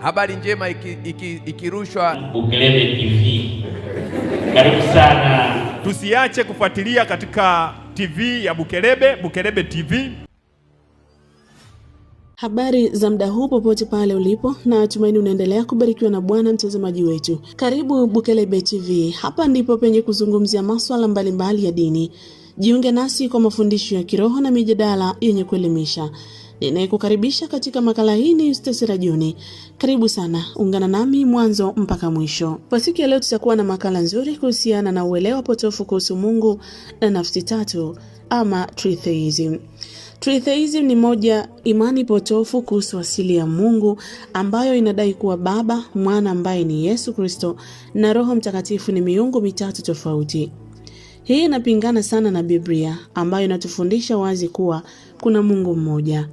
Habari njema ikirushwa iki, iki Bukelebe TV. Karibu sana, tusiache kufuatilia katika TV ya Bukelebe, Bukelebe TV. Habari za muda huu popote pale ulipo, na tumaini unaendelea kubarikiwa na Bwana mtazamaji wetu. Karibu Bukelebe TV, hapa ndipo penye kuzungumzia masuala mbalimbali ya dini. Jiunge nasi kwa mafundisho ya kiroho na mijadala yenye kuelimisha. Ninayekukaribisha katika makala hii ni Eustace Rajuni. Karibu sana, ungana nami mwanzo mpaka mwisho. Kwa siku ya leo tutakuwa na makala nzuri kuhusiana na uelewa potofu kuhusu Mungu na nafsi tatu ama tritheism. Tritheism ni moja imani potofu kuhusu asili ya Mungu ambayo inadai kuwa Baba, Mwana ambaye ni Yesu Kristo na Roho Mtakatifu ni miungu mitatu tofauti. Hii inapingana sana na Biblia ambayo inatufundisha wazi kuwa kuna Mungu mmoja.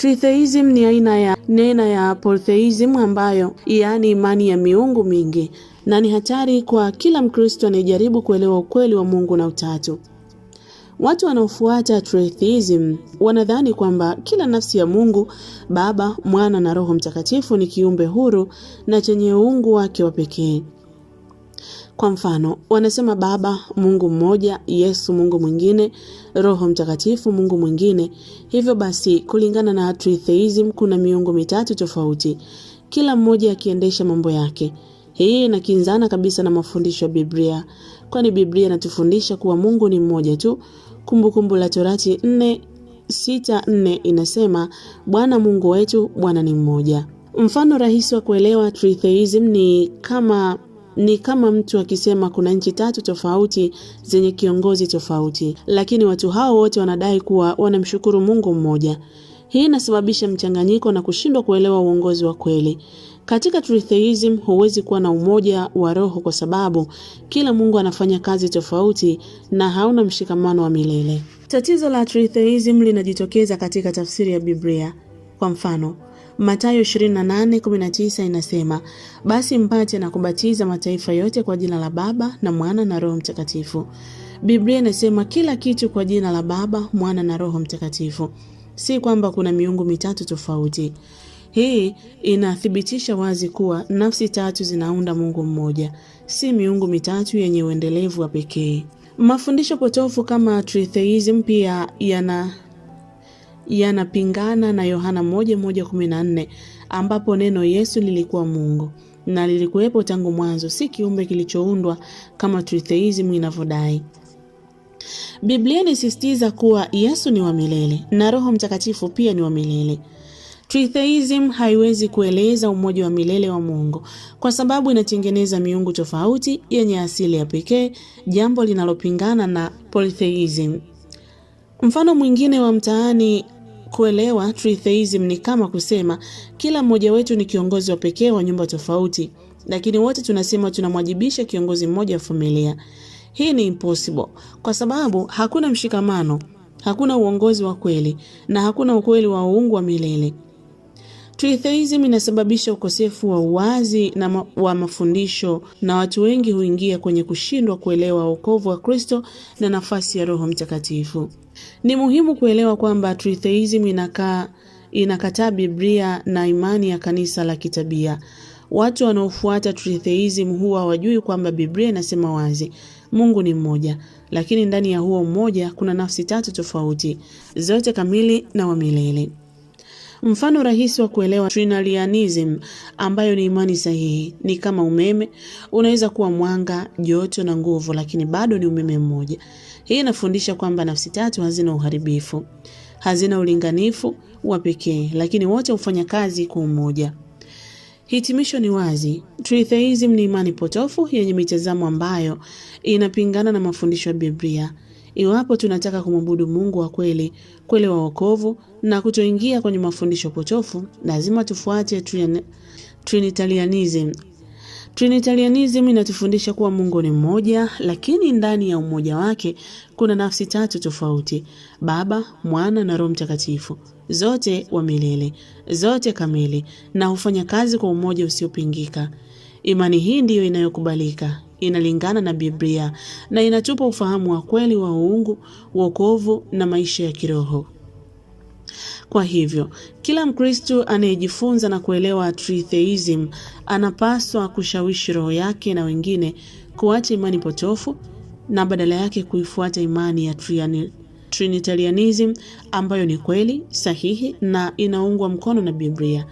Tritheism ni aina ya nena ya polytheism ambayo yaani imani ya miungu mingi na ni hatari kwa kila Mkristo anayejaribu kuelewa ukweli wa Mungu na Utatu. Watu wanaofuata tritheism wanadhani kwamba kila nafsi ya Mungu Baba, Mwana na Roho Mtakatifu ni kiumbe huru na chenye uungu wake wa pekee. Kwa mfano, wanasema Baba Mungu mmoja, Yesu Mungu mwingine, Roho Mtakatifu Mungu mwingine. Hivyo basi, kulingana na tritheism kuna miungu mitatu tofauti, kila mmoja akiendesha mambo yake. Hii inakinzana kabisa na mafundisho ya Biblia, kwani Biblia inatufundisha kuwa Mungu ni mmoja tu. Kumbukumbu kumbu la Torati 4:6-4 inasema, Bwana Mungu wetu Bwana ni mmoja. Mfano rahisi wa kuelewa tritheism ni kama ni kama mtu akisema kuna nchi tatu tofauti zenye kiongozi tofauti, lakini watu hao wote wanadai kuwa wanamshukuru Mungu mmoja. Hii inasababisha mchanganyiko na kushindwa kuelewa uongozi wa kweli. Katika tritheism huwezi kuwa na umoja wa roho kwa sababu kila Mungu anafanya kazi tofauti na hauna mshikamano wa milele. Tatizo la tritheism linajitokeza katika tafsiri ya Biblia. Kwa mfano Mathayo 28:19 inasema, basi mpate na kubatiza mataifa yote kwa jina la Baba na Mwana na Roho Mtakatifu. Biblia inasema kila kitu kwa jina la Baba, Mwana na Roho Mtakatifu, si kwamba kuna miungu mitatu tofauti. Hii inathibitisha wazi kuwa nafsi tatu zinaunda Mungu mmoja, si miungu mitatu yenye uendelevu wa pekee. Mafundisho potofu kama tritheism pia yana yanapingana na Yohana 1:1:14 ambapo neno Yesu lilikuwa Mungu na lilikuwepo tangu mwanzo, si kiumbe kilichoundwa kama tritheism inavyodai. Biblia inasisitiza kuwa Yesu ni wa milele na Roho Mtakatifu pia ni wa milele. Tritheism haiwezi kueleza umoja wa milele wa Mungu kwa sababu inatengeneza miungu tofauti yenye asili ya pekee, jambo linalopingana na polytheism. Mfano mwingine wa mtaani kuelewa tritheism ni kama kusema kila mmoja wetu ni kiongozi wa pekee wa nyumba tofauti, lakini wote tunasema tunamwajibisha kiongozi mmoja wa familia. Hii ni impossible kwa sababu hakuna mshikamano, hakuna uongozi wa kweli na hakuna ukweli wa uungu wa milele. Tritheism inasababisha ukosefu wa uwazi na ma wa mafundisho na watu wengi huingia kwenye kushindwa kuelewa wokovu wa Kristo na nafasi ya Roho Mtakatifu. Ni muhimu kuelewa kwamba Tritheism inakaa inakataa Biblia na imani ya kanisa la kitabia. Watu wanaofuata Tritheism huwa wajui kwamba Biblia inasema wazi Mungu ni mmoja, lakini ndani ya huo mmoja kuna nafsi tatu tofauti, zote kamili na wa milele. Mfano rahisi wa kuelewa Trinalianism, ambayo ni imani sahihi, ni kama umeme. Unaweza kuwa mwanga, joto na nguvu, lakini bado ni umeme mmoja. Hii inafundisha kwamba nafsi tatu hazina uharibifu, hazina ulinganifu wa pekee, lakini wote hufanya kazi kwa umoja. Hitimisho ni wazi, tritheism ni imani potofu yenye mitazamo ambayo inapingana na mafundisho ya Biblia. Iwapo tunataka kumwabudu Mungu wa kweli, kuelewa wokovu na kutoingia kwenye mafundisho potofu, lazima tufuate Trinitarianism. Trinitarianism inatufundisha kuwa Mungu ni mmoja, lakini ndani ya umoja wake kuna nafsi tatu tofauti: Baba, Mwana na Roho Mtakatifu, zote wa milele, zote kamili na hufanya kazi kwa umoja usiopingika. Imani hii ndiyo inayokubalika, inalingana na Biblia na inatupa ufahamu wa kweli wa uungu, wokovu na maisha ya kiroho. Kwa hivyo kila Mkristo anayejifunza na kuelewa tritheism anapaswa kushawishi roho yake na wengine kuacha imani potofu na badala yake kuifuata imani ya Trinitarianism ambayo ni kweli, sahihi na inaungwa mkono na Biblia.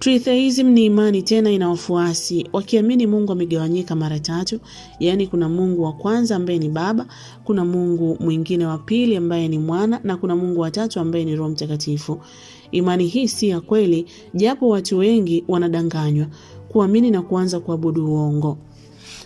Tritheism ni imani tena ina wafuasi wakiamini Mungu amegawanyika mara tatu, yaani kuna Mungu wa kwanza ambaye ni Baba, kuna Mungu mwingine wa pili ambaye ni Mwana na kuna Mungu wa tatu ambaye ni Roho Mtakatifu. Imani hii si ya kweli, japo watu wengi wanadanganywa kuamini na kuanza kuabudu uongo.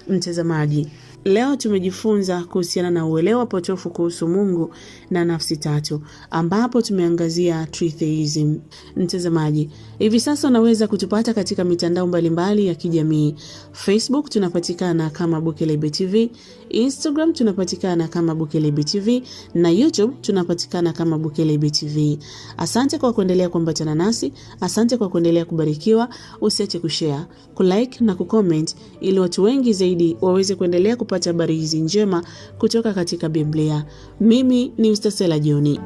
Mtazamaji, Leo tumejifunza kuhusiana na uelewa potofu kuhusu Mungu na nafsi tatu, ambapo tumeangazia tritheism. Mtazamaji, hivi sasa unaweza kutupata katika mitandao mbalimbali ya kijamii. Facebook tunapatikana kama Bukelebe TV, Instagram tunapatikana kama Bukelebe TV na YouTube tunapatikana kama Bukelebe TV. Asante kwa kuendelea kuambatana nasi, asante kwa kuendelea kubarikiwa. Usiache kushare, kulike na kucomment ili watu wengi zaidi waweze kuendelea kupata kupata habari hizi njema kutoka katika Biblia. Mimi ni Sela Joni.